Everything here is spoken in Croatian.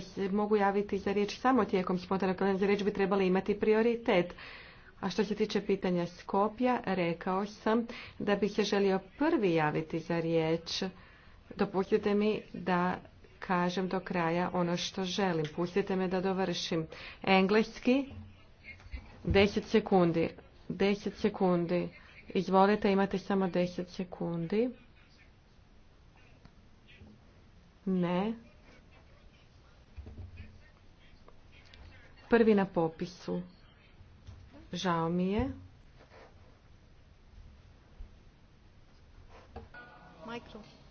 se mogu javiti za riječ samo tijekom spontanog za riječ bi trebali imati prioritet. A što se tiče pitanja Skopja, rekao sam da bih se želio prvi javiti za riječ. Dopustite mi da kažem do kraja ono što želim. Pustite me da dovršim. Engleski, 10 sekundi. 10 sekundi. Izvolite, imate samo 10 sekundi. Ne. prvi na popisu. Žao mi je. Mikrofon.